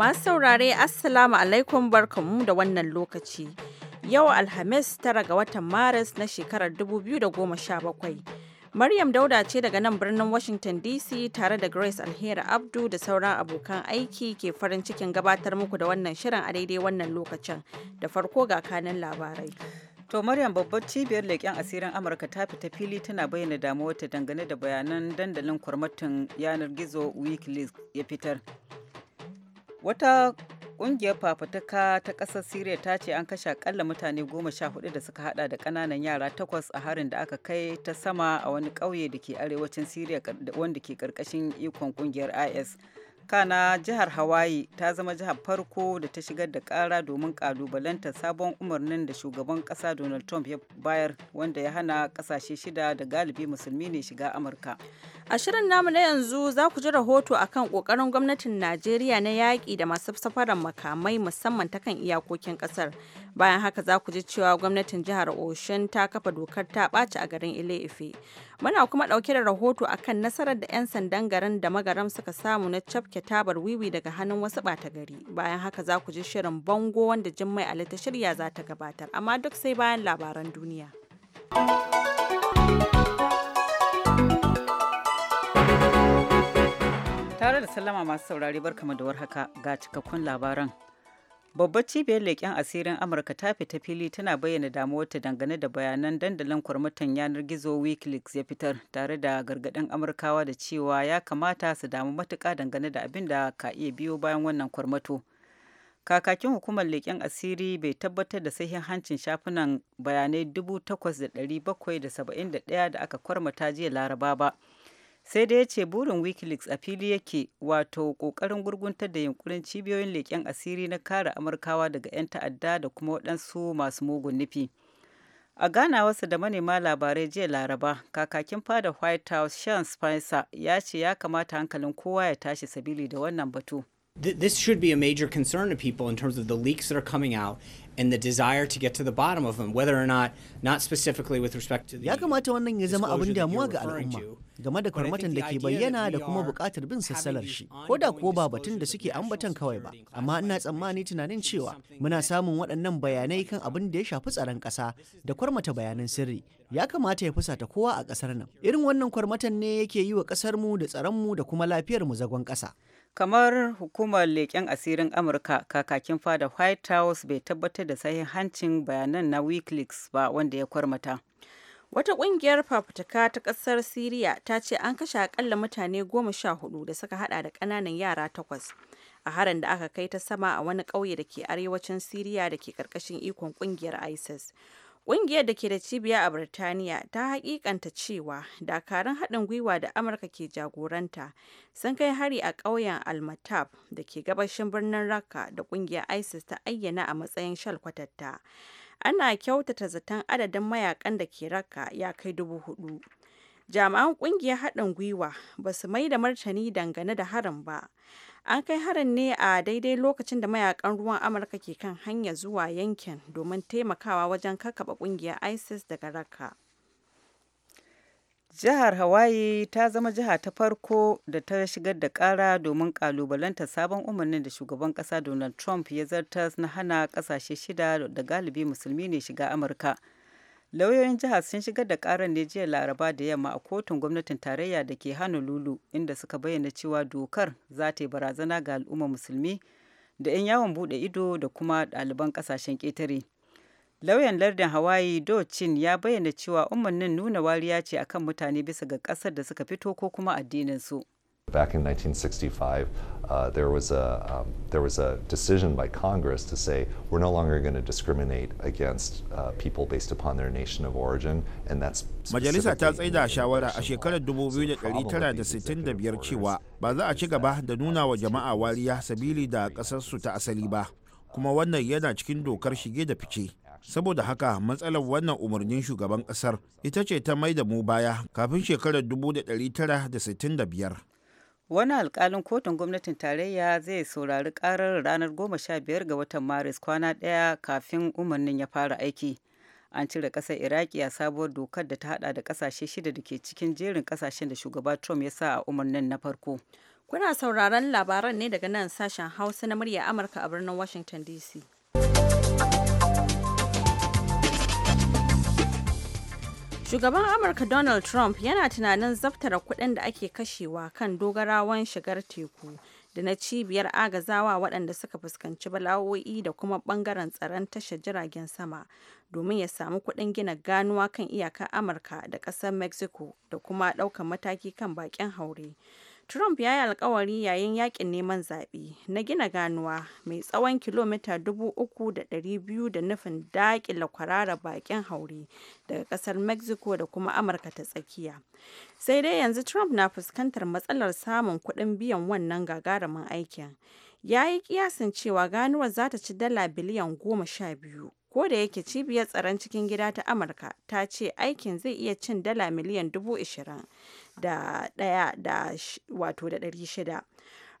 Masu saurare Assalamu alaikum barkamu da wannan lokaci. Yau Alhamis tara ga watan Maris na shekarar 2017. Maryam Dauda ce daga nan birnin Washington DC tare da Grace Alheri Abdu da sauran abokan aiki ke farin cikin gabatar muku da wannan shirin a daidai wannan lokacin. Da farko ga kanin labarai. To Maryam babbar cibiyar leƙen asirin Amurka ta fita fili tana bayyana damuwarta dangane da bayanan dandalin kwarmatin yanar gizo Wikileaks ya fitar. Wata ƙungiyar fafutuka ta ƙasar Siriya ta ce an kashe akalla mutane goma sha hudu da suka hada da ƙananan yara takwas a harin da aka kai ta sama a wani ƙauye da ke arewacin Siriya wanda ke ƙarƙashin ikon ƙungiyar IS. kana jihar hawaii ta zama jihar farko da ta shigar da kara domin kalubalanta sabon umarnin da shugaban kasa donald trump ya bayar wanda ya hana kasashe shida da galibi musulmi ne shiga amurka A shirin namu na yanzu za ku ji rahoto akan kokarin gwamnatin Najeriya na yaƙi da masu safarar makamai musamman ta kan iyakokin ƙasar. Bayan haka za ku ji cewa gwamnatin jihar Oshun ta kafa dokar ta ɓaci a garin Ile-Ife. Muna kuma ɗauke da rahoto akan nasarar da 'yan sandan garin da magaram suka samu na cafke tabar wiwi daga hannun wasu ɓata gari. Bayan haka za ku ji shirin bango wanda Jummai Ali ta shirya za ta gabatar. Amma duk sai bayan labaran duniya. da sallama masu saurari bar kama da warhaka ga cikakkun labaran. Babbar cibiyar leƙen asirin Amurka ta fita fili tana bayyana damuwarta dangane da bayanan dandalin kwarmatan yanar gizo Wikileaks ya fitar tare da gargaɗin Amurkawa da cewa ya kamata su damu matuƙa dangane da abin da ka iya biyo bayan wannan kwarmato. Kakakin hukumar leƙen asiri bai tabbatar da hancin shafunan bayanai dubu 8,771 da aka kwarmata jiya Laraba ba. sai da ya ce burin wikileaks a fili yake wato kokarin gurguntar da yunkurin cibiyoyin leƙen asiri na kare amurkawa daga 'yan ta'adda da kuma waɗansu masu mugun nufi a ganawarsa da manema labarai jiya laraba kakakin fada white house sean spicer ya ce ya kamata hankalin kowa ya tashi sabili da wannan batu th- this should be a major concern to people in terms of the leaks that are coming out and the desire to get to the bottom of them whether or not not specifically with respect to the Ya kamata wannan ya zama abin damuwa ga al'umma game da kwarmatan da ke bayyana da kuma buƙatar bin sassalar shi ko da kuwa ba batun da suke ambatan kawai ba amma ina tsammani tunanin cewa muna samun waɗannan bayanai kan abin da ya shafi tsaron ƙasa da kwarmata bayanan sirri ya kamata ya fusata kowa a ƙasar nan irin wannan kwarmatan ne yake yi wa ƙasarmu mu da tsaron mu da kuma lafiyar mu zagon ƙasa kamar hukumar leƙen asirin amurka kakakin fada white house bai tabbatar da sahihancin bayanan na wikileaks ba wanda ya kwarmata wata kungiyar fafutuka ta ƙasar siriya ta ce an kashe akalla mutane goma sha hudu da suka hada da kananan yara takwas a harin da aka kai ta sama a wani kauye da ke arewacin siriya da ke karkashin ikon kungiyar isis Ƙungiyar da ke da cibiya a Birtaniya ta hakikanta cewa dakarun haɗin gwiwa da Amurka ke jagoranta sun kai hari a ƙauyen Almatab da ke gabashin birnin Raqqa da ƙungiyar ISIS ta ayyana a matsayin shalkwatatta. Ana kyautata zaton adadin mayakan da ke Raqqa ya kai dubu hudu. Jami'an ƙungiyar haɗin gwiwa ba su mai da martani dangane da harin ba. An kai harin ne a daidai lokacin da mayakan ruwan Amurka ke kan hanya zuwa yankin domin taimakawa wajen kakaba kungiyar ISIS daga Raqqa. Jihar Hawaii ta zama jiha ta farko da ta shigar da kara domin kalubalanta sabon umarnin da shugaban kasa Donald Trump ya zartas na hana kasashe shida da galibi musulmi ne shiga Amurka. lauyoyin jihar sun shigar da karar ne jiya laraba da yamma a kotun gwamnatin tarayya da ke hana lulu, inda suka bayyana cewa dokar za ta yi barazana ga al'ummar musulmi da 'yan yawon bude ido da kuma ɗaliban ƙasashen ƙetare lauyan lardin hawaii docin ya bayyana cewa umarnin nuna wariya ce akan mutane bisa ga ƙasar da suka fito ko kuma addininsu. su Back in 1965, uh, there, was a, um, there was a decision by Congress to say we're no longer going to discriminate against uh, people based upon their nation of origin, and that's Majalisa ta tsaida shawara a shekarar 2965 cewa ba za a ci gaba da nuna wa jama'a wariya sabili da ƙasarsu ta asali ba, kuma wannan yana cikin dokar shige da fice. saboda haka matsalar wannan umarnin shugaban kasar ita ce ta mai da mu baya kafin shekarar 1965 wani alkalin kotun gwamnatin tarayya zai saurari karar ranar 15 ga watan maris kwana daya kafin umarnin ya fara aiki an cire kasar iraki a sabuwar dokar da ta hada da ƙasashe shida da ke cikin jerin ƙasashen da shugaba trump ya sa a umarnin na farko kuna sauraron labaran ne daga nan sashen hausa na murya amurka a birnin washington dc Shugaban Amurka Donald Trump yana tunanin zaftar kuɗin da ake kashewa kan dogarawan shigar teku da na cibiyar agazawa waɗanda suka fuskanci bala'o'i da kuma ɓangaren tsaron tashar jiragen sama domin ya samu kuɗin gina ganuwa kan iyakar Amurka da ƙasar Mexico da kuma ɗaukar mataki kan baƙin haure. Trump ya yi alkawari yayin yakin neman zaɓe na gina ganuwa mai tsawon kilomita dubu uku da ɗari biyu da nufin daƙile kwararar baƙin haure daga ƙasar Mexico da kuma Amurka ta tsakiya. Sai dai yanzu Trump na fuskantar matsalar samun kuɗin biyan wannan gagarumin aikin. Ya yi kiyasin cewa ganuwar za ta ci dala biliyan goma sha biyu ko da yake cibiyar tsaron cikin gida ta amurka ta ce aikin zai iya cin dala miliyan dubu ishirin da daya da wato da dari shida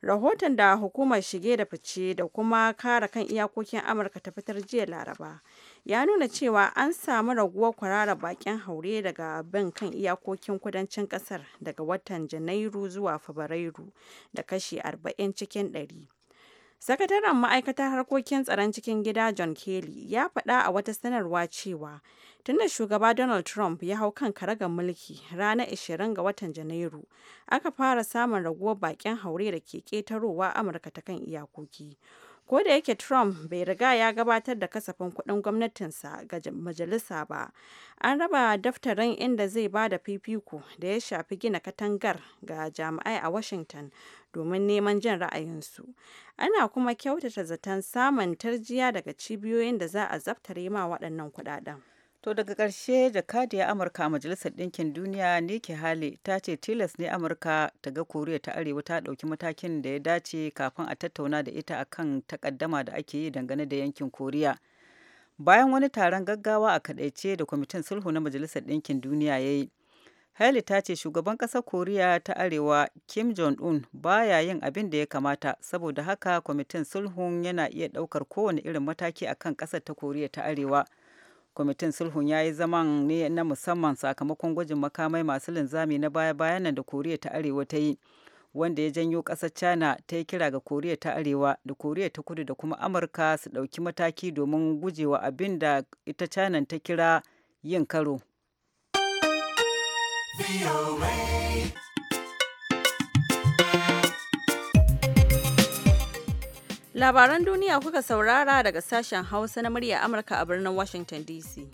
rahoton da hukumar shige da fice da kuma kare kan iyakokin amurka ta fitar jiya laraba ya nuna cewa an samu raguwar kwararar bakin haure daga bin kan iyakokin kudancin kasar daga watan janairu zuwa fabrairu da kashi 40 cikin 100 Sakataren Ma'aikatar Harkokin Tsaron Cikin Gida John Kelly ya faɗa a wata sanarwa cewa tunda shugaba Donald Trump ya hau kan karagar mulki ranar 20 ga watan Janairu, aka fara samun raguwar bakin haure da ke ketarowa Amurka ta kan iyakoki. ko da yake trump bai riga ya gabatar da kasafin kuɗin gwamnatinsa ga majalisa ba an raba daftarin inda zai ba da fifiko da ya shafi gina katangar ga jami'ai a washington domin neman jin ra'ayinsu ana kuma kyautata zaton samun tarjiya daga cibiyoyin da za a zaftare ma waɗannan kudaden. To daga ƙarshe jakadiyar Amurka a Majalisar Ɗinkin Duniya Nikki Haley ta ce tilas ne Amurka ta ga Koriya ta Arewa ta ɗauki matakin da ya dace kafin a tattauna da ita akan takaddama da ake yi dangane da yankin Koriya. Bayan wani taron gaggawa a kaɗaice da kwamitin sulhu na Majalisar Ɗinkin Duniya ya yi, Haley ta ce shugaban ƙasar Koriya ta Arewa Kim Jong-un baya yin abin da ya kamata saboda haka kwamitin sulhun yana iya ɗaukar kowane irin mataki akan ƙasar ta Koriya ta Arewa. kwamitin sulhun ya yi zaman ne na musamman sakamakon gwajin makamai masu linzami na baya-bayan nan da koriya ta arewa ta yi wanda ya janyo ƙasar china ta yi kira ga koriya ta arewa da koriya ta kudu da kuma amurka su ɗauki mataki domin gujewa abin da ita china ta kira yin karo. Labaran duniya kuka saurara daga sashen Hausa na murya Amurka a birnin Washington DC.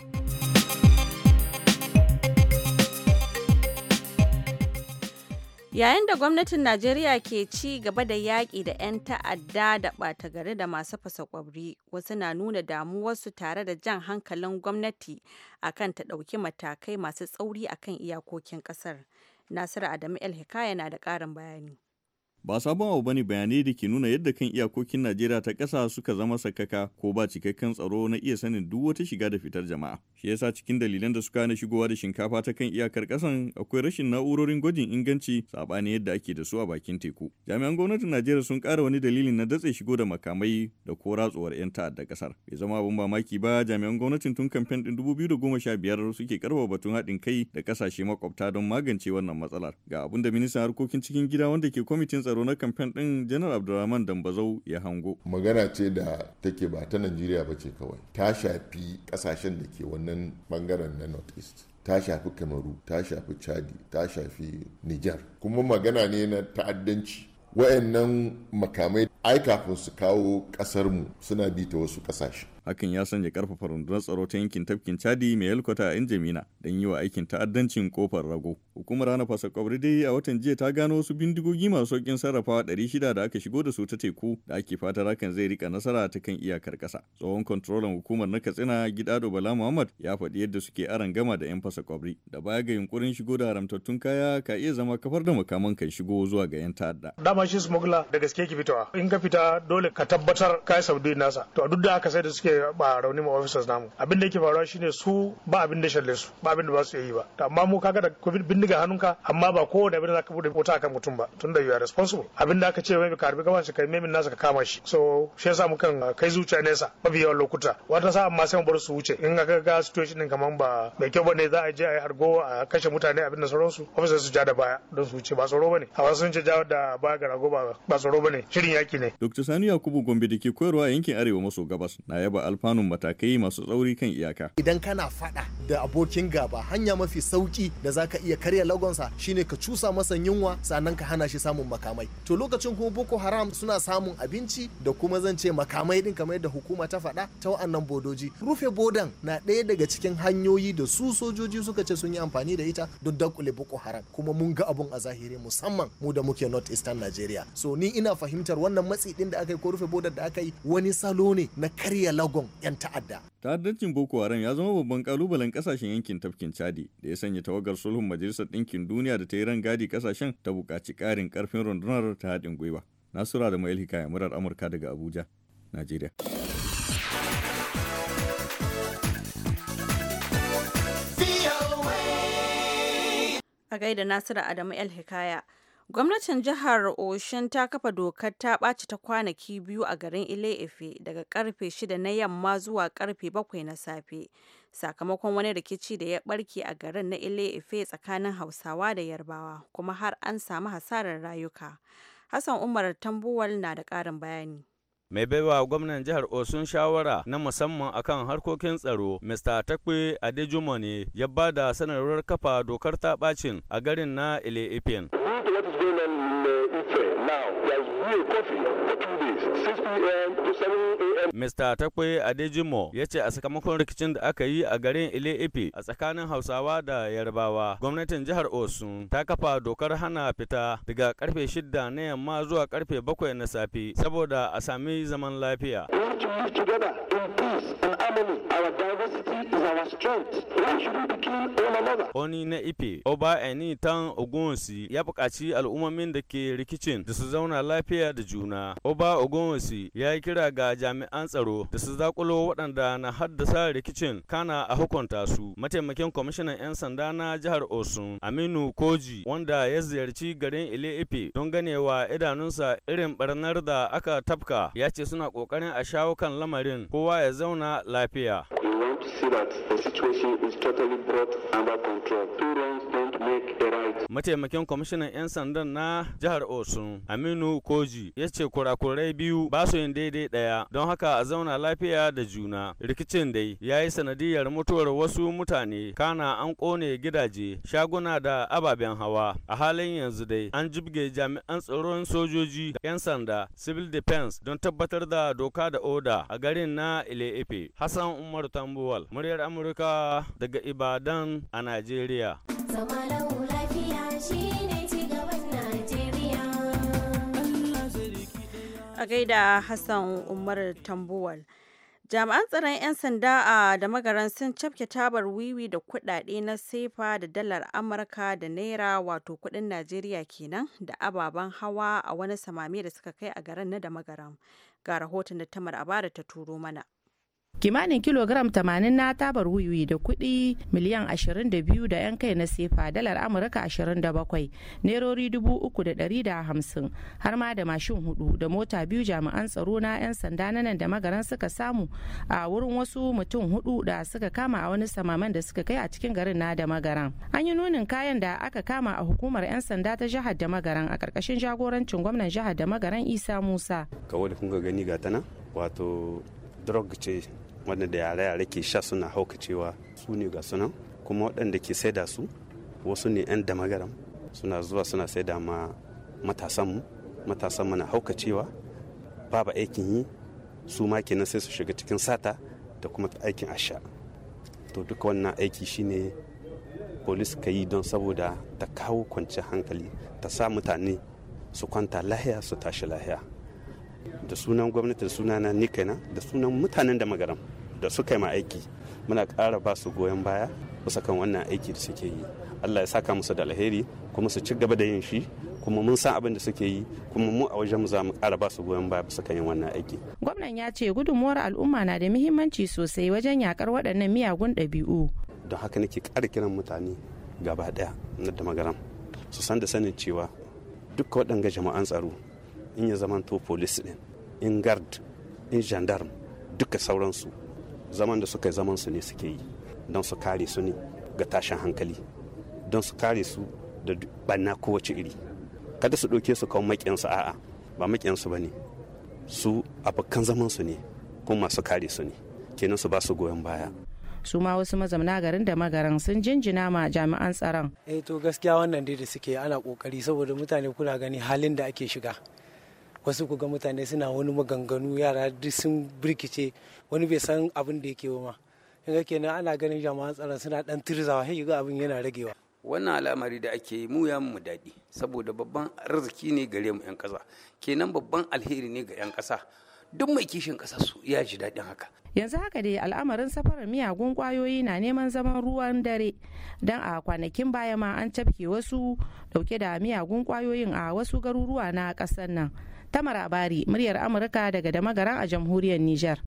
Yayin da gwamnatin Najeriya ke ci gaba da yaƙi da 'yan ta'adda da ɓata gari da masu fasa ƙwabri, wasu na nuna damuwarsu tare da jan hankalin gwamnati akan ta ɗauki matakai masu tsauri a kan iyakokin ƙasar. Nasiru Adamu El Hikaya na da ƙarin bayani. ba sabon abu bane bayanai da ke nuna yadda kan iyakokin Najeriya ta ƙasa suka zama sakaka ko ba cikakken tsaro na iya sanin duk wata shiga da fitar jama'a. Shi yasa cikin dalilan da suka hana shigowa da shinkafa ta kan iyakar ƙasan akwai rashin na'urorin gwajin inganci saɓanin yadda ake da su a bakin teku. Jami'an gwamnatin Najeriya sun kara wani dalilin na datse shigo da makamai da ko ratsuwar 'yan ta'adda kasar. Bai zama abin mamaki ba jami'an gwamnatin tun kamfen ɗin 2015 suke karfafa batun haɗin kai da ƙasashe makwabta don magance wannan matsalar. Ga abin da ministan harkokin cikin gida wanda ke kwamitin tsaro tsaro na kamfen ɗin janar abdulrahman dambazau ya hango magana ce da take ba ta najeriya ba ce kawai ta shafi ƙasashen da ke wannan bangaren na north east ta shafi kamaru ta shafi chadi ta shafi niger kuma magana ne na ta'addanci wayannan makamai ai kafin su kawo ƙasarmu suna bi ta wasu ƙasashe hakan ya sanya karfafa rundunar tsaro ta yankin tafkin chadi mai yalkwata a yan jamina don yi wa aikin ta'addancin kofar rago hukumar hana fasa dai a watan jiya ta gano wasu bindigogi masu saukin sarrafawa 600 da aka shigo da su ta teku da ake fata rakan zai rika nasara ta kan iyakar kasa tsohon kontrolan hukumar na katsina gidado bala muhammad ya faɗi yadda suke aran gama da yan fasa kwabri da baya ga yunkurin shigo da haramtattun kaya ka iya zama kafar da makaman kan shigo zuwa ga yan ta'adda dama shi smuggler da gaske ki fitowa in ka fita dole ka tabbatar yi sabdu nasa to duk da haka sai da suke zai ba rauni ma officers namu abin da yake faruwa shine su ba abin da shalle su ba abin da ba su yi ba to amma mu kaga da bindiga hannunka amma ba kowane abin da zaka bude wuta akan mutum ba tunda you are responsible abin da aka ce mai karbi gaban shi kai memin nasa ka kama shi so shi yasa mukan kai zuciya nesa mafi yawan lokuta wata sa amma sai mu bar su wuce in ga ga situation din kaman ba mai kyau bane za a je a yi hargo a kashe mutane abin da sauransu officers su ja da baya don su wuce ba tsoro bane a wasu sun ce ja da baya ga rago ba tsoro bane shirin yaki ne Dr. Sani Yakubu Gombe da ke koyarwa yankin Arewa maso gabas na yaba alfanun matakai masu tsauri kan iyaka. Idan kana faɗa da abokin gaba hanya mafi sauki da za ka iya karya lagonsa shine ka cusa masa yunwa sannan ka hana shi samun makamai. To lokacin kuma Boko Haram suna samun abinci da kuma zan ce makamai din kamar yadda hukuma ta faɗa ta wa'annan bodoji. Rufe bodan na ɗaya daga cikin hanyoyi da su sojoji suka ce sun yi amfani da ita don dakule Boko Haram kuma mun ga abun a zahiri musamman mu da muke North Eastern Nigeria. So ni ina fahimtar wannan matsi din da aka yi ko rufe bodar da aka yi wani salo ne na karya lagonsa. miyagun 'yan ta'adda. Ta'addancin Boko Haram ya zama babban kalubalen kasashen yankin tafkin Chadi da ya sanya tawagar sulhun Majalisar Ɗinkin Duniya da ta yi rangadi kasashen ta buƙaci ƙarin ƙarfin rundunar ta haɗin gwiwa. Nasura da Mail Hikaya murar Amurka daga Abuja, Najeriya. A gaida Nasiru Adamu El Hikaya. Gwamnatin jihar Oshun ta kafa dokar ta ɓaci ta kwanaki biyu a garin Ile-Ife daga karfe 6 na yamma zuwa karfe 7 na safe. Sakamakon wani rikici da ya barke a garin na Ile-Ife tsakanin Hausawa da Yarbawa kuma har an samu hasarar rayuka. Hassan Umar Tambuwal na da ƙarin bayani. mai baiwa gwamnan jihar osun shawara na musamman akan harkokin tsaro mr takwe adejumone ya ba da sanarwar kafa dokar ta bacin a garin na ile Mr. Takwe Adejimo ya ce a sakamakon rikicin da aka yi a garin Ile Ife a tsakanin Hausawa da Yarbawa, gwamnatin jihar Osun ta kafa dokar hana fita daga karfe shida na yamma zuwa karfe bakwai na safe saboda a sami zaman lafiya. Oni na Ife, Oba Eni Tan Ogunsi ya buƙaci al'ummomin da ke rikicin da su zauna lafiya da juna. Oba Ogunsi ya kira ga jami'an an tsaro da su zakulo waɗanda na haddasa rikicin kana a hukunta su mataimakin kwamishinan 'yan sanda na jihar osun aminu koji wanda ya ziyarci garin ile ife don ganewa idanunsa irin barnar da aka tafka ya ce suna kokarin a shawo kan lamarin kowa ya zauna lafiya mataimakin kwamishinan 'yan sandan na jihar osun aminu koji ya ce kurakurai biyu ba su yin daidai daya don haka haka a zauna lafiya da juna rikicin dai ya yi sanadiyar mutuwar wasu mutane kana an kone gidaje shaguna da ababen hawa a halin yanzu dai an jibge jami'an tsaron sojoji 'yan sanda civil defense don tabbatar da doka da oda a garin na ile-ife hassan umar tambuwal muryar amurka daga ibadan a najeriya zama lafiya shine a gaida Hassan Umar Tambuwal. Jami'an tsaron 'yan sanda a da magaran sun cafke tabar wiwi da kudade na sefa da dalar Amurka da Naira wato kuɗin Najeriya kenan da ababen hawa a wani samami da suka kai a garin na da magaran. Ga rahoton da Tamar Abara ta turo mana. kimanin kilogram 80 na tabar wiwi da kuɗi miliyan 22 da 'yan kai na sefa dalar amurka 27 nerori 350 har ma da mashin hudu da mota biyu jami'an tsaro na 'yan sanda na nan da magaran suka samu a wurin wasu mutum hudu da suka kama a wani samaman da suka kai a cikin garin na da magaran an yi nunin kayan da aka kama a hukumar 'yan sanda ta jihar da magaran a ƙarƙashin jagorancin gwamnan jihar da magaran isa musa kawai da kun gani ga tana wato drug ce waɗanda da yare-yare ke sha suna haukacewa su ne ga sunan kuma waɗanda ke saida su wasu ne 'yan damagaram suna zuwa suna saida ma matasanmu matasanmu na haukacewa babu aikin yi su ma kenan sai su shiga cikin sata da kuma aikin asha to duka wannan aiki shine polis ka yi don saboda ta kawo kwanciyar hankali ta sa mutane su kwanta lahiya su tashi lahiya da sunan gwamnati da sunana ni kaina da sunan mutanen da magaram da suka yi ma aiki muna kara ba su goyon baya bisa kan wannan aiki da suke yi allah ya saka musu da alheri kuma su ci gaba da yin shi kuma mun san abin da suke yi kuma mu a wajen mu za mu ƙara ba su goyon baya bisa kan yin wannan aiki gwamnan ya ce gudunmuwar al'umma na da muhimmanci sosai wajen yakar waɗannan miyagun ɗabi'u don haka nake ƙara kiran mutane gaba ɗaya na da magaram su san da sanin cewa duk waɗanga jama'an tsaro in ya zamanto polis ɗin in gard in gendarme duka sauransu zaman da suka yi zaman su ne suke yi don su kare su ne ga tashin hankali don su kare su da banna kowace iri kada su ɗauke su kawo maƙiyansu a'a ba maƙiyansu ba ne su abokan zaman su ne kuma masu kare su ne kenan su ba su goyon baya su ma wasu mazamna garin da magaran sun jinjina ma jami'an tsaron eh to gaskiya wannan dai da suke ana kokari saboda mutane kuna gani halin da ake shiga wasu kuga mutane suna wani maganganu yara duk sun birkice wani bai san abin da yake ma ga kenan ana ganin jama'an tsaron suna dan tirzawa sai ga abin yana ragewa wannan al'amari da ake yi mu ya mu daɗi saboda babban arziki ne gare mu 'yan ƙasa kenan babban alheri ne ga 'yan ƙasa duk mai kishin ƙasa su ya ji daɗin haka yanzu haka dai al'amarin safarar miyagun kwayoyi na neman zaman ruwan dare don a kwanakin baya ma an cafke wasu dauke da miyagun kwayoyin a wasu garuruwa na ƙasar nan tamar abari muryar Amurka daga dama garan a jamhuriyar Nijar.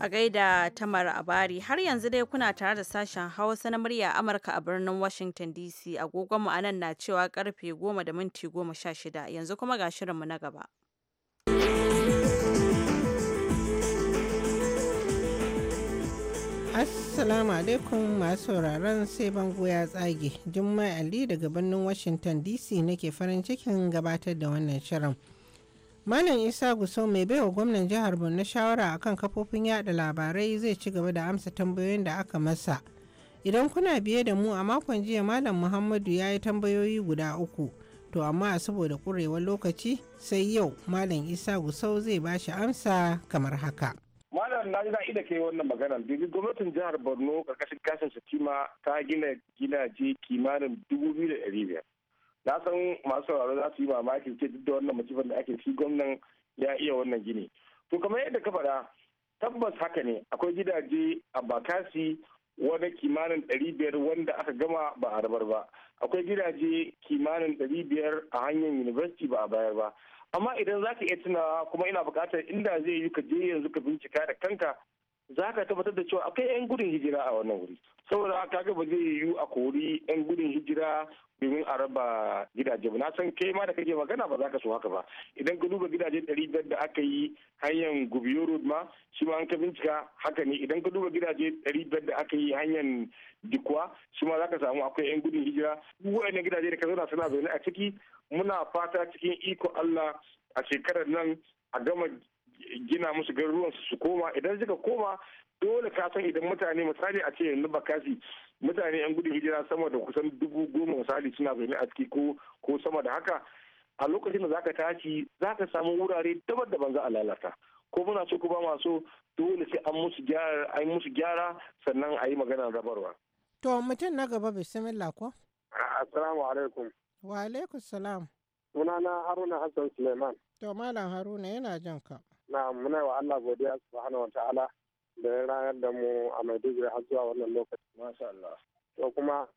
a gaida tamar abari har yanzu dai kuna tare da sashen hausa na murya amurka a birnin washington dc agogonmu a nan na cewa karfe 10 da minti 16 yanzu kuma ga shirinmu na gaba Assalamu alaikum masu sauraron sai bango ya tsage. Jummai Ali daga birnin Washington DC nake farin cikin gabatar da wannan shirin. Malam Isa Guso mai baiwa gwamnan jihar Borno shawara akan kafofin yada labarai zai ci gaba da amsa tambayoyin da aka masa. Idan kuna biye da mu a makon jiya Malam Muhammadu ya yi tambayoyi guda uku. To amma saboda kurewar lokaci sai yau Malam Isa Gusau zai ba shi amsa kamar haka. malam na ji ida kai wannan magana domin gwamnatin jihar borno karkashin kashin satima ta gina gidaje kimanin dubu biyu da ɗari biyar na san masu sauraro za su yi mamaki ce duk da wannan masifar da ake ci gwamnan ya iya wannan gini to kamar yadda ka faɗa tabbas haka ne akwai gidaje a bakasi wani kimanin ɗari biyar wanda aka gama ba a rabar ba akwai gidaje kimanin ɗari biyar a hanyar university ba a bayar ba amma idan za ka iya tunawa kuma ina buƙatar inda zai yi ka je yanzu ka bincika da kanka za ka tabbatar da cewa akwai 'yan gudun hijira a wannan wuri saboda ka ga ba zai yiwu a kori 'yan gudun hijira domin a raba gidaje ba na san kai ma da kake magana ba za ka so haka ba idan ka duba gidaje ɗari biyar da aka yi hanyar gubiyo road ma shi ma an ka bincika haka ne idan ka duba gidaje ɗari biyar da aka yi hanyar dikwa shi ma za ka samu akwai 'yan gudun hijira duk wa'annan gidaje da ka zauna suna zaune a ciki muna fata cikin iko Allah a shekarar nan a gama gina musu garuruwan su koma idan suka koma dole ka san idan mutane misali a ce yanzu bakasi mutane yan gudun hijira sama da kusan dubu goma misali suna zaune a ciki ko sama da haka a lokacin da zaka tashi zaka samu wurare daban-daban za a lalata ko muna so ko ba ma so dole sai an musu gyara an musu gyara sannan a yi magana rabarwa to mutum na gaba bismillah ko assalamu alaikum Wa alaikum salam. Sunana Haruna Hassan Suleiman. To Malam Haruna yana jan ka. Na muna wa Allah godiya subhanahu wa ta'ala da ya rayar da mu a Maiduguri har zuwa wannan lokaci. Masha Allah. To kuma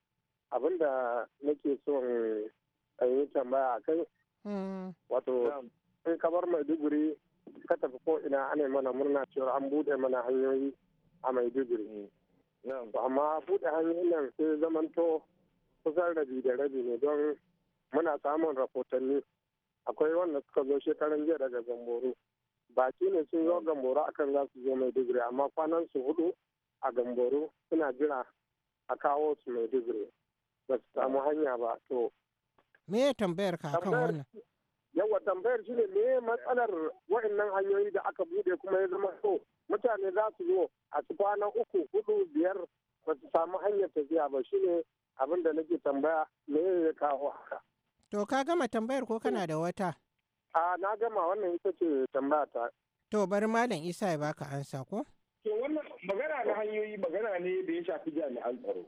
abinda da nake son yi tambaya a kai. Mm. Wato in kamar mai Maiduguri ka tafi ko ina ana mana murna cewa an bude mana hanyoyi a Maiduguri. Mm. Amma bude hanyoyin nan sai zamanto kusan rabi da rabi ne don muna samun rahotanni akwai wanda suka zo shekaran jiya daga gamboro baki ne sun zo gamboro akan za su zo maiduguri amma kwanan su hudu a gamboro suna jira a kawo su maiduguri ba su samu hanya ba to me ya tambayar ka akan wannan yawa tambayar shi ne me matsalar wa'annan hanyoyi da aka bude kuma ya zama so mutane za su zo a su kwana uku hudu biyar ba su samu hanyar tafiya ba shine abin da nake tambaya me ya kawo haka To ka gama tambayar ko kana da wata? A na gama wannan ita ce tambaya ta. To bari Malam Isa ya baka ansa ko? To wannan magana na hanyoyi magana ne da ya shafi jami'an tsaro.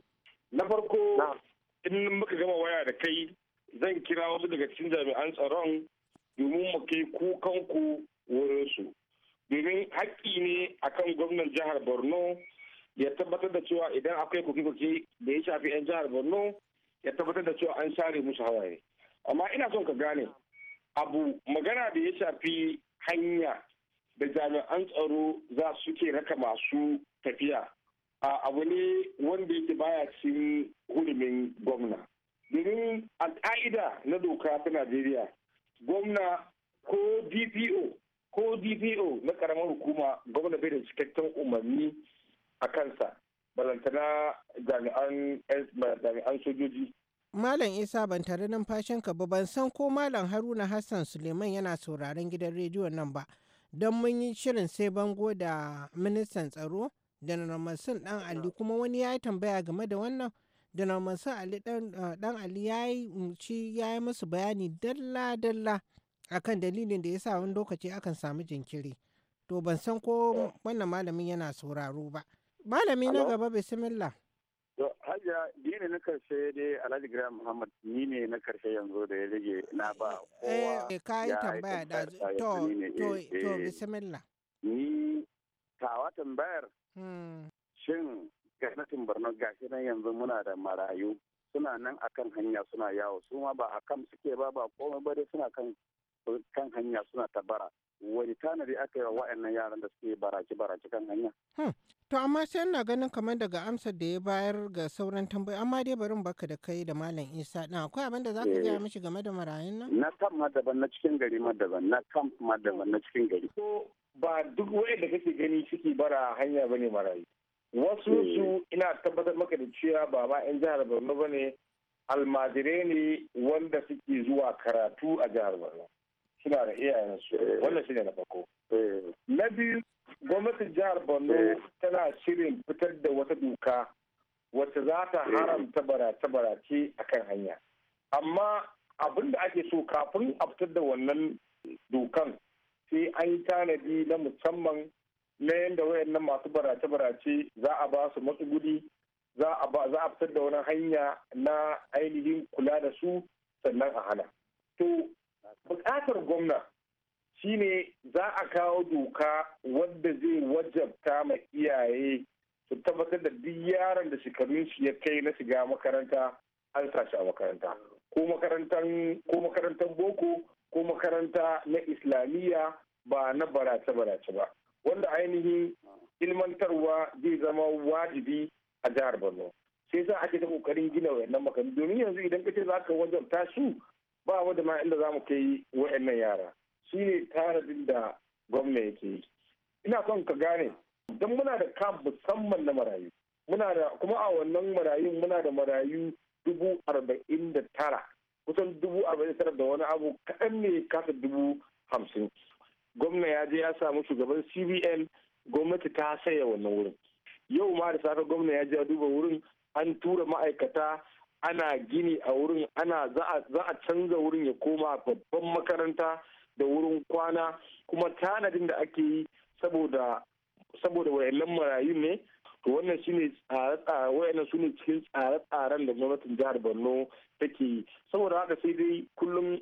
Na farko in muka gama waya da kai zan kira wasu daga cikin jami'an tsaron domin mu kai wurin su Domin haƙƙi ne akan gwamnan jihar Borno ya tabbatar da cewa idan akwai kuke-kuke da ya shafi 'yan jihar Borno ya tabbatar da cewa an share musu hawaye. amma ina son ka gane abu magana da ya shafi hanya da jami'an tsaro za su ke raka masu tafiya a abu ne wanda yake baya cin hulumin gwamna domin a ka'ida na doka ta najeriya gwamna ko dpo ko dpo na karamar hukuma gwamna bai da cikakken umarni a kansa balantana jami'an eh, sojoji Malam Isa ban tare numfashinka ba ban san ko Malam Haruna Hassan Suleiman yana sauraron gidan rediyon nan ba. Don mun yi shirin sai bango da ministan tsaro Janar Mansur Dan Ali kuma wani ya yi tambaya game da wannan Janar Mansur Ali Dan eh, Ali mm, ya yi musu bayani dalla-dalla akan dalilin da ya sa wani lokaci akan samu jinkiri. To ban san ko wannan malamin yana sauraro ba. Malami na gaba bismillah. To hajiya ni ne na karshe dai Alhaji Graham Muhammad ni ne na karshe yanzu da ya rage na ba kowa. Eh yi tambaya da to to eh, to eh. bismillah. Ni tawa tambayar. Hmm. Shin gwamnatin Borno gashi nan yanzu muna da marayu suna nan akan hanya suna yawo su ma ba a suke ba ba komai ba dai suna kan kan hanya suna ta bara wani tanadi aka yi wa wa'annan yaran da suke barace baraki kan hanya. Hmm. to amma sai na ganin kamar daga amsar da ya bayar ga sauran tambayi amma dai bari baka da kai da malam isa na akwai abin da za ka gaya eh. mishi game da marayun nan. na kan ma na cikin gari ma na kan ma na cikin gari. ko ba duk da kake gani ciki bara hanya bane marayu. wasu eh. su ina tabbatar maka da cewa ba ma 'yan jihar borno ba ne almajirai ne wanda suke zuwa karatu a jihar borno suna da iyayensu eh. wannan shine na farko eh. na biyu gwamnatin jihar borno eh. tana shirin fitar da wata doka wacce za ta haramta barace-barace a kan hanya amma abin da ake so kafin a fitar da wannan dokan sai an yi tanadi na musamman na yadda wayannan masu barace-barace za a ba su matsugudi za a fitar da wani hanya na ainihin kula da su sannan a hana to bukatar gwamna shine za a kawo doka wadda zai wajabta ma iyaye su tabbatar da duk yaron da shekarun shi ya kai na shiga makaranta an sa a makaranta ko makarantar boko ko makaranta na islamiyya ba na barace barace ba wanda ainihin ilmantarwa zai zama wajibi a jihar borno sai sa ake ta kokarin gina wayannan makarantu domin yanzu idan ka ce za ka wajabta su ba wadda ma inda za mu kai wa'annan yara shine tanadin da gwamna yake yi ina son ka gane don muna da kam musamman na marayu muna da kuma a wannan marayun muna da marayu dubu arba'in da tara kusan dubu arba'in da tara da wani abu kaɗan ne kasa dubu hamsin gwamna ya je ya samu shugaban cbn gwamnati ta saya wannan wurin yau ma da safe gwamna ya je duba wurin an tura ma'aikata ana gini a wurin ana za a canza wurin ya koma babban makaranta da wurin kwana kuma tanadin da ake yi saboda saboda wayannan marayu ne to wannan shine tsare wayannan su ne cikin tsare-tsaren da gwamnatin jihar Borno take yi saboda haka sai dai kullum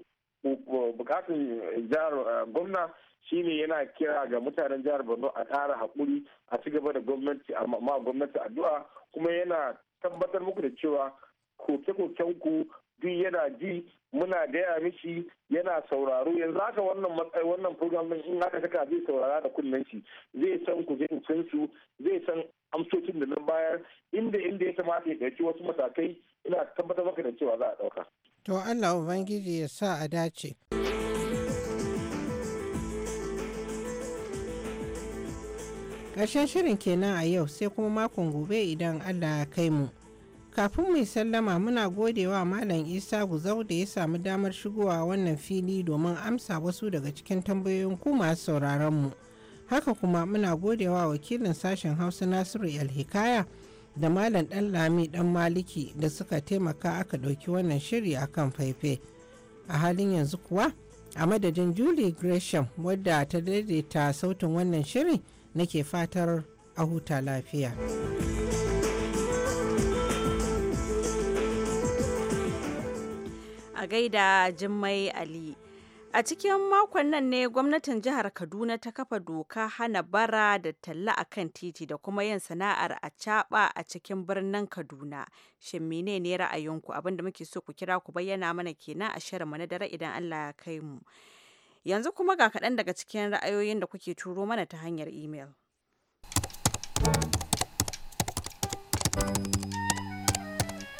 bukatun jihar eh, gwamna shine yana kira ga mutanen jihar Borno a ƙara hakuri a ci gaba da gwamnati amma gwamnati addu'a kuma yana tabbatar muku da cewa koke kokenku ku duk yana ji muna gaya mishi yana sauraro yanzu haka wannan matsayi wannan program din in haka saka zai saurara da kunnen shi zai san kujerin su zai san amsocin da nan bayar inda inda ya kamata ya ɗauki wasu matakai ina tabbatar maka da cewa za a ɗauka. to allah ubangiji ya sa a dace. ƙarshen shirin kenan a yau sai kuma makon gobe idan allah ya kai mu. Kafin mai sallama muna godewa Malam Isa Guzau da ya samu damar shigowa wannan fili domin amsa wasu daga cikin tambayoyin ku masu mu Haka kuma muna godewa wakilin sashen Hausa Nasiru Alhikaya da Malam Dan Lami Dan Maliki da suka taimaka aka ɗauki wannan shiri akan faife A halin yanzu kuwa a madadin Julie Gresham wadda ta daidaita sautin wannan shiri nake fatar a huta lafiya. a gaida Jummai Ali. A cikin makon nan ne gwamnatin jihar Kaduna ta kafa doka hana bara da talla a kan titi da kuma yin sana'ar a caba a cikin birnin Kaduna. Shin mene ne ra'ayinku abinda muke so ku kira ku bayyana mana kenan a mu na dare idan Allah ya kai mu. Yanzu kuma ga kaɗan daga cikin ra'ayoyin da kuke turo mana ta hanyar imel.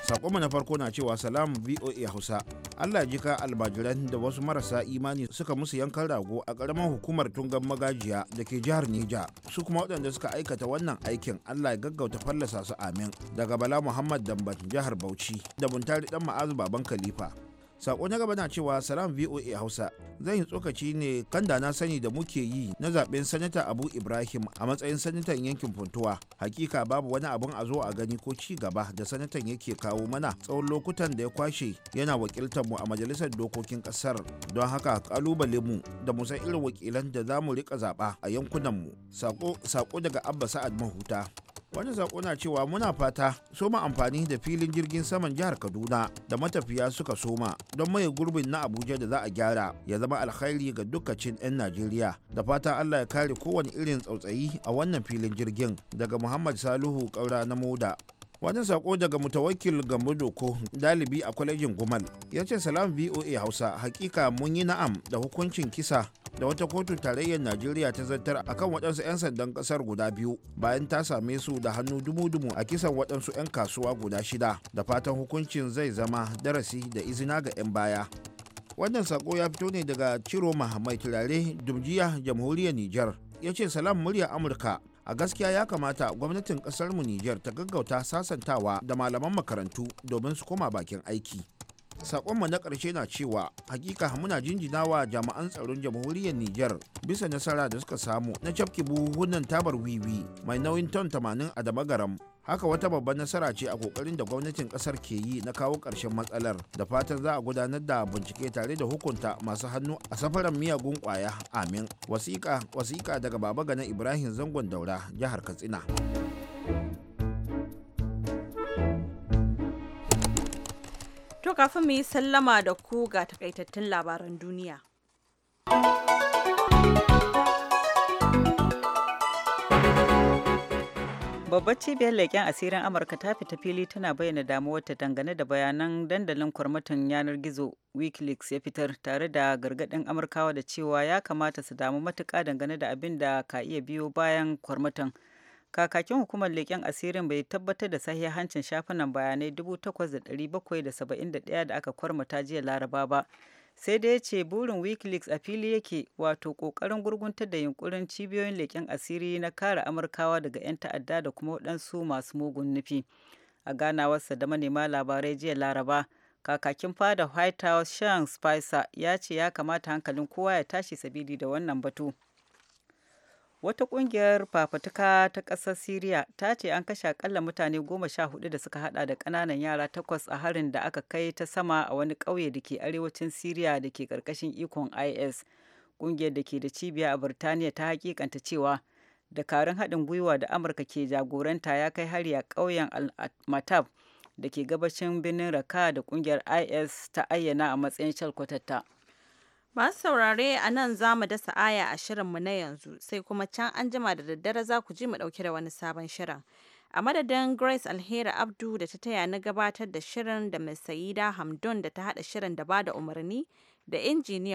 sakonmu na farko na cewa salam voa hausa allah jika almajiran da wasu marasa imani suka musu yankan rago a karamar hukumar tungan magajiya da ke jihar nija su kuma waɗanda suka aikata wannan aikin allah ya gaggauta fallasa su amin daga bala muhammad dambat jihar bauchi da buntari dan ma'azu baban khalifa sako na gaba na cewa salam voa hausa zan yi tsokaci ne kan da na sani da muke yi na zaben sanata abu ibrahim a matsayin sanatan yankin funtuwa hakika babu wani abun a zo a gani ko ci gaba da sanatan yake kawo mana tsawon lokutan da ya kwashe yana wakiltar mu a majalisar dokokin kasar don haka kalubale mu da mu san irin wakilan da za mu rika zaba a yankunan mu sako daga abba sa'ad mahuta wani sako na cewa muna fata soma amfani da filin jirgin saman jihar kaduna da matafiya suka soma don mai gurbin na abuja da za a gyara ya zama alkhairi ga dukkacin 'yan najeriya da fata allah ya kare kowane irin tsautsayi a wannan filin jirgin daga muhammad saluhu kaura na moda wani sako daga mutawakil ga doko dalibi a kwalejin gumal ya ce salam voa hausa hakika mun yi na'am da hukuncin kisa da wata kotu tarayyar najeriya ta zartar kan waɗansu 'yan sandan ƙasar guda biyu bayan ta same su da hannu dumu-dumu a kisan waɗansu 'yan kasuwa guda shida da fatan hukuncin zai zama darasi da izina ga 'yan baya wannan sako ya fito ne daga ciro mai turare dumjiya jamhuriyar nijar ya ce salam murya amurka a gaskiya ya kamata gwamnatin mu niger ta gaggauta sasantawa da malaman makarantu domin su koma bakin aiki sakonmu na ƙarshe na cewa hakika muna jinjina wa jami'an tsaron jamhuriyar Nijar bisa nasara da suka samu na cafke buhunan tabar wiwi mai nauyin ton tamanin a garam haka wata babban nasara ce a kokarin da gwamnatin kasar ke yi na kawo ƙarshen matsalar da fatan za a gudanar da bincike tare da hukunta masu hannu a safaran miyagun kwaya amin wasiƙa wasiƙa daga baba gana ibrahim zangon daura jihar katsina. kafin mu yi sallama da ku ga takaitattun labaran duniya. Babbar cibiyar leƙen asirin Amurka ta fita fili tana bayyana damuwarta dangane da bayanan dandalin kwarmatan yanar gizo Wikileaks ya fitar tare da gargaɗin Amurkawa da cewa ya kamata su damu matuƙa dangane da abin da ka iya biyo bayan kwarmatan. kakakin hukumar leƙen asirin bai tabbatar da hancin shafunan bayanai 8,771 da aka kwarmata jiya laraba ba sai dai ya ce burin wikileaks a fili yake wato ƙoƙarin gurguntar da yunkurin cibiyoyin leƙen asiri na kare amurkawa daga 'yan ta'adda da kuma waɗansu masu mugun nufi a ganawarsa da manema labarai jiya laraba kakakin fada white house sean spicer ya ce ya kamata hankalin kowa ya tashi sabili da wannan batu wata ƙungiyar fafutuka ta ƙasar syria ta ce an kashe akalla mutane goma sha hudu da suka haɗa da ƙananan yara takwas a harin da aka kai ta sama a wani ƙauye da ke arewacin syria da ke ƙarƙashin ikon is ƙungiyar da ke da cibiya a birtaniya ta hakikanta cewa dakarun haɗin gwiwa da amurka ke jagoranta ya kai hari a ƙauyen al-matab da ke gabashin birnin raka da ƙungiyar is ta ayyana a matsayin shalkwatatta. Masu saurare a nan za mu dasa aya a shirinmu na yanzu sai kuma can an jima da daddare za ku ji mu ɗauki da wani sabon shirin. A madadin Grace Alheri Abdu da ta taya na gabatar da shirin da Ms. Saida Hamdun da ta haɗa shirin da ba da umarni da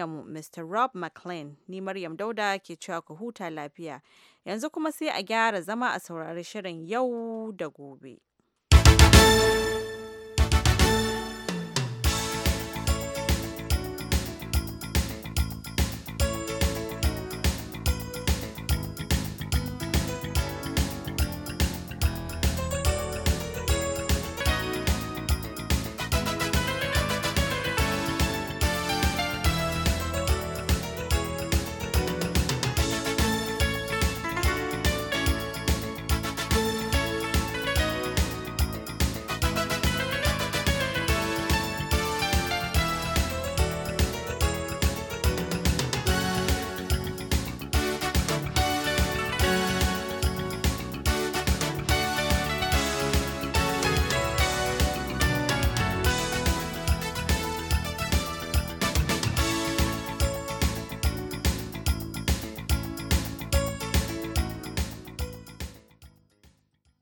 mu Mr. Rob McLean ni Maryam Dauda ke cewa ku huta lafiya. Yanzu kuma sai a gyara zama a saurari shirin yau da gobe.